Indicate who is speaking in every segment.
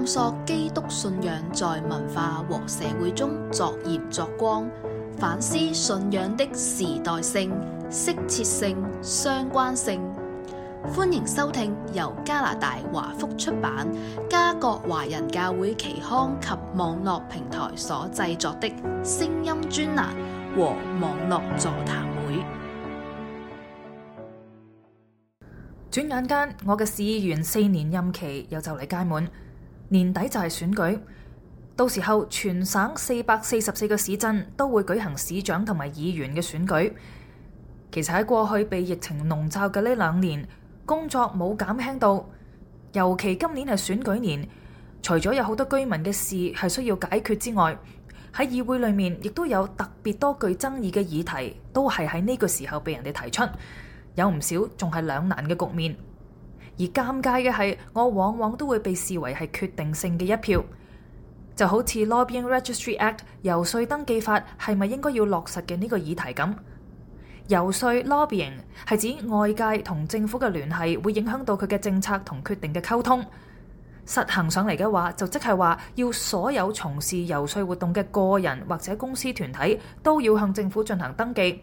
Speaker 1: 探索基督信仰在文化和社會中作業作光，反思信仰的時代性、適切性、相關性。歡迎收聽由加拿大華福出版、加國華人教會期刊及網絡平台所製作的聲音專欄和網絡座談會。轉眼間，我嘅市議員四年任期又就嚟屆滿。年底就係選舉，到時候全省四百四十四個市鎮都會舉行市長同埋議員嘅選舉。其實喺過去被疫情籠罩嘅呢兩年，工作冇減輕到，尤其今年係選舉年，除咗有好多居民嘅事係需要解決之外，喺議會裏面亦都有特別多具爭議嘅議題，都係喺呢個時候被人哋提出，有唔少仲係兩難嘅局面。而尷尬嘅係，我往往都會被視為係決定性嘅一票，就好似 Lobbying Registry Act 遊説登記法係咪應該要落實嘅呢個議題咁。遊説 lobbying 係指外界同政府嘅聯繫會影響到佢嘅政策同決定嘅溝通。實行上嚟嘅話，就即係話要所有從事遊説活動嘅個人或者公司團體都要向政府進行登記。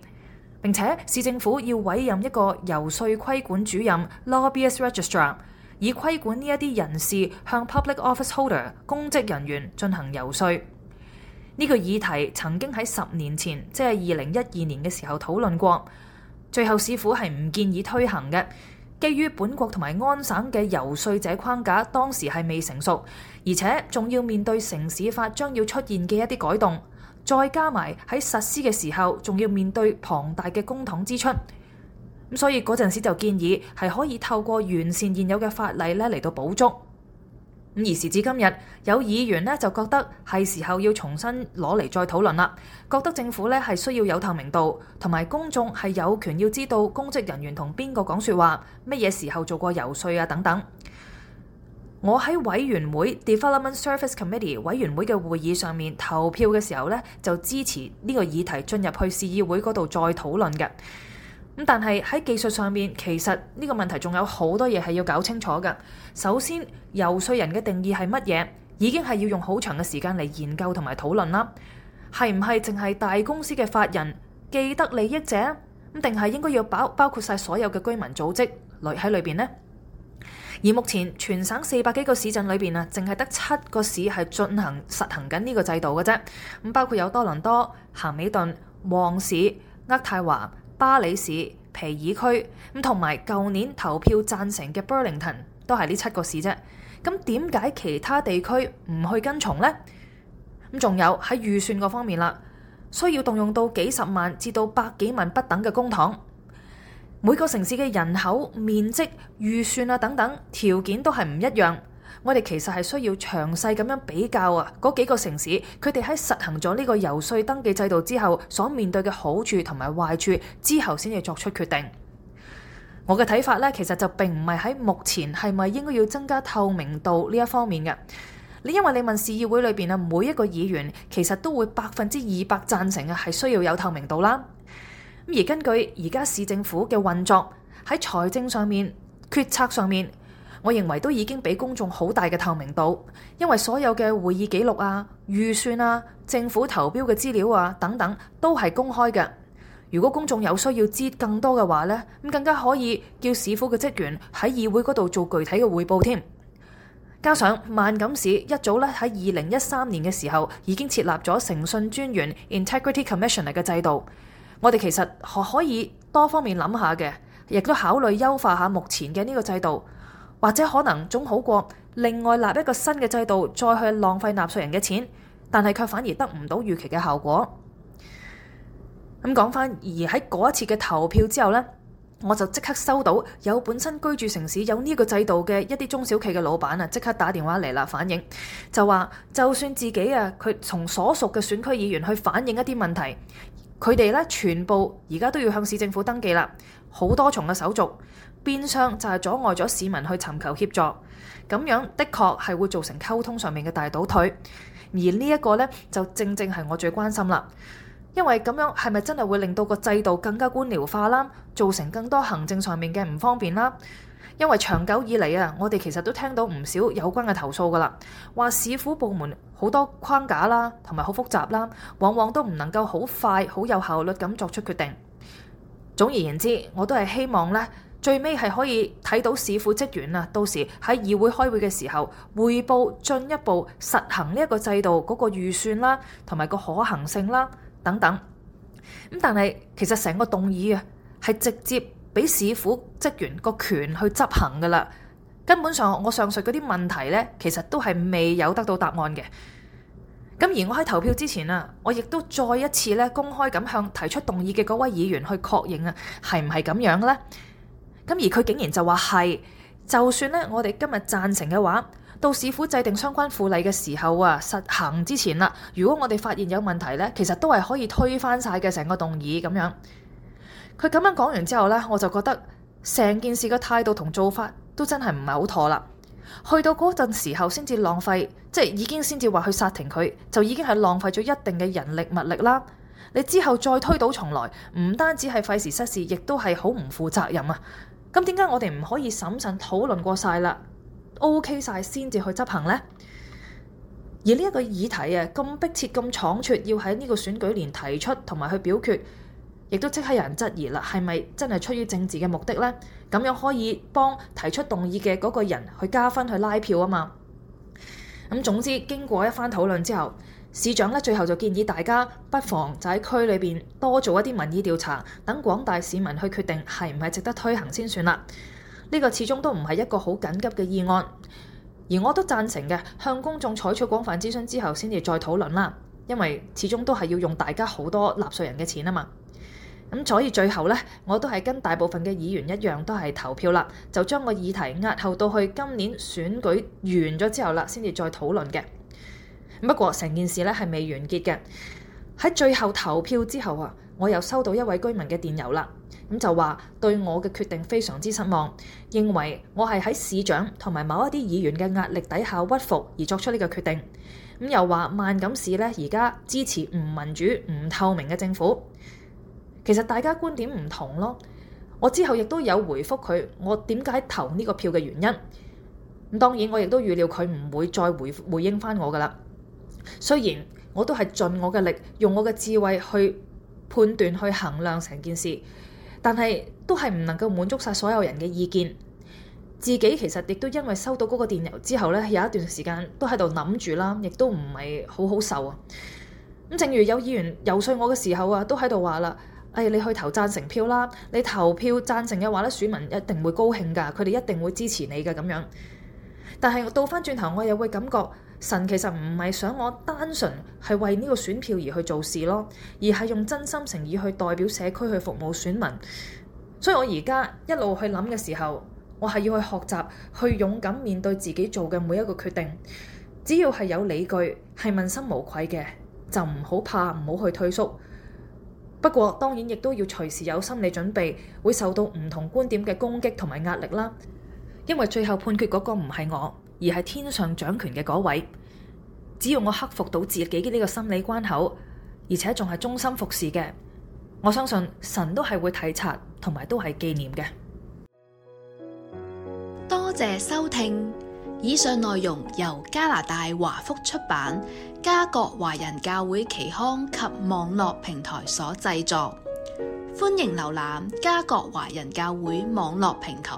Speaker 1: 並且市政府要委任一個遊説規管主任 （lobbyist registrar） 以規管呢一啲人士向 public office holder 公職人員進行遊説。呢個議題曾經喺十年前，即係二零一二年嘅時候討論過，最後市府係唔建議推行嘅，基於本國同埋安省嘅遊説者框架當時係未成熟，而且仲要面對城市法將要出現嘅一啲改動。再加埋喺實施嘅時候，仲要面對龐大嘅公帑支出，咁所以嗰陣時就建議係可以透過完善現有嘅法例咧嚟到補足。而時至今日，有議員呢就覺得係時候要重新攞嚟再討論啦。覺得政府咧係需要有透明度，同埋公眾係有權要知道公職人員同邊個講說話，乜嘢時候做過游說啊等等。我喺委員會 Development Services Committee 委員會嘅會議上面投票嘅時候咧，就支持呢個議題進入去市議會嗰度再討論嘅。咁但係喺技術上面，其實呢個問題仲有好多嘢係要搞清楚㗎。首先，遊說人嘅定義係乜嘢，已經係要用好長嘅時間嚟研究，同埋討論啦。係唔係淨係大公司嘅法人既得利益者？咁定係應該要包包括晒所有嘅居民組織嚟喺裏邊呢？而目前全省四百幾個市鎮裏邊啊，淨係得七個市係進行實行緊呢個制度嘅啫。咁包括有多倫多、咸美頓、旺市、渥太華、巴里市、皮爾區，咁同埋舊年投票贊成嘅 Burlington，都係呢七個市啫。咁點解其他地區唔去跟從呢？咁仲有喺預算嗰方面啦，需要動用到幾十萬至到百幾萬不等嘅公帑。每個城市嘅人口、面積、預算啊等等條件都係唔一樣，我哋其實係需要詳細咁樣比較啊嗰幾個城市佢哋喺實行咗呢個游說登記制度之後所面對嘅好處同埋壞處之後先至作出決定。我嘅睇法咧，其實就並唔係喺目前係咪應該要增加透明度呢一方面嘅。你因為你問市議會裏邊啊每一個議員，其實都會百分之二百贊成啊係需要有透明度啦。而根據而家市政府嘅運作喺財政上面，決策上面，我認為都已經俾公眾好大嘅透明度，因為所有嘅會議記錄啊、預算啊、政府投標嘅資料啊等等都係公開嘅。如果公眾有需要知更多嘅話咧，咁更加可以叫市府嘅職員喺議會嗰度做具體嘅彙報添。加上萬錦市一早咧喺二零一三年嘅時候已經設立咗誠信專員 （Integrity Commissioner） 嚟嘅制度。我哋其實可以多方面諗下嘅，亦都考慮優化下目前嘅呢個制度，或者可能總好過另外立一個新嘅制度，再去浪費納稅人嘅錢，但係卻反而得唔到預期嘅效果。咁講翻，而喺嗰一次嘅投票之後呢，我就即刻收到有本身居住城市有呢個制度嘅一啲中小企嘅老闆啊，即刻打電話嚟啦，反映，就話就算自己啊，佢從所屬嘅選區議員去反映一啲問題。佢哋咧全部而家都要向市政府登記啦，好多重嘅手續，變相就係阻礙咗市民去尋求協助，咁樣的確係會造成溝通上面嘅大倒退，而呢一個咧就正正係我最關心啦。因為咁樣係咪真係會令到個制度更加官僚化啦，造成更多行政上面嘅唔方便啦。因為長久以嚟啊，我哋其實都聽到唔少有關嘅投訴噶啦，話市府部門好多框架啦，同埋好複雜啦，往往都唔能夠好快好有效率咁作出決定。總而言之，我都係希望咧，最尾係可以睇到市府職員啊，到時喺議會開會嘅時候匯報進一步實行呢一個制度嗰個預算啦，同埋個可行性啦。等等，咁但係其實成個動議啊，係直接俾市府職員個權去執行噶啦。根本上我上述嗰啲問題呢，其實都係未有得到答案嘅。咁而我喺投票之前啊，我亦都再一次呢公開咁向提出動議嘅嗰位議員去確認啊，係唔係咁樣嘅呢？咁而佢竟然就話係，就算呢，我哋今日贊成嘅話。到市府制定相關法例嘅時候啊，實行之前啦，如果我哋發現有問題咧，其實都係可以推翻晒嘅成個動議咁樣。佢咁樣講完之後咧，我就覺得成件事嘅態度同做法都真係唔係好妥啦。去到嗰陣時候先至浪費，即係已經先至話去殺停佢，就已經係浪費咗一定嘅人力物力啦。你之後再推倒重來，唔單止係費時失事，亦都係好唔負責任啊。咁點解我哋唔可以審慎討論過晒啦？O. K. 晒先至去執行呢，而呢一個議題啊，咁迫切、咁倉促，要喺呢個選舉年提出同埋去表決，亦都即刻有人質疑啦，係咪真係出於政治嘅目的呢？咁樣可以幫提出動議嘅嗰個人去加分、去拉票啊嘛。咁總之經過一番討論之後，市長咧最後就建議大家不妨就喺區裏邊多做一啲民意調查，等廣大市民去決定係唔係值得推行先算啦。呢個始終都唔係一個好緊急嘅議案，而我都贊成嘅，向公眾採取廣泛諮詢之後先至再討論啦，因為始終都係要用大家好多納稅人嘅錢啊嘛。咁所以最後咧，我都係跟大部分嘅議員一樣，都係投票啦，就將個議題押後到去今年選舉完咗之後啦，先至再討論嘅。不過成件事咧，係未完結嘅，喺最後投票之後啊。我又收到一位居民嘅電郵啦，咁就話對我嘅決定非常之失望，認為我係喺市長同埋某一啲議員嘅壓力底下屈服而作出呢個決定。咁又話萬錦市呢而家支持唔民主、唔透明嘅政府。其實大家觀點唔同咯。我之後亦都有回覆佢，我點解投呢個票嘅原因。咁當然我亦都預料佢唔會再回應回應翻我噶啦。雖然我都係盡我嘅力，用我嘅智慧去。判斷去衡量成件事，但係都係唔能夠滿足晒所有人嘅意見。自己其實亦都因為收到嗰個電郵之後咧，有一段時間都喺度諗住啦，亦都唔係好好受啊。咁正如有議員遊說我嘅時候啊，都喺度話啦，哎，你去投贊成票啦，你投票贊成嘅話咧，選民一定會高興噶，佢哋一定會支持你㗎咁樣。但係我倒翻轉頭，我又會感覺。神其實唔係想我單純係為呢個選票而去做事咯，而係用真心誠意去代表社區去服務選民。所以我而家一路去諗嘅時候，我係要去學習，去勇敢面對自己做嘅每一個決定。只要係有理據，係問心無愧嘅，就唔好怕，唔好去退縮。不過當然亦都要隨時有心理準備，會受到唔同觀點嘅攻擊同埋壓力啦。因為最後判決嗰個唔係我。而係天上掌權嘅嗰位，只要我克服到自己嘅呢個心理關口，而且仲係忠心服侍嘅，我相信神都係會體察同埋都係紀念嘅。多謝收聽。以上內容由加拿大華福出版、加國華人教會期刊及網絡平台所製作。歡迎瀏覽加國華人教會網絡平台。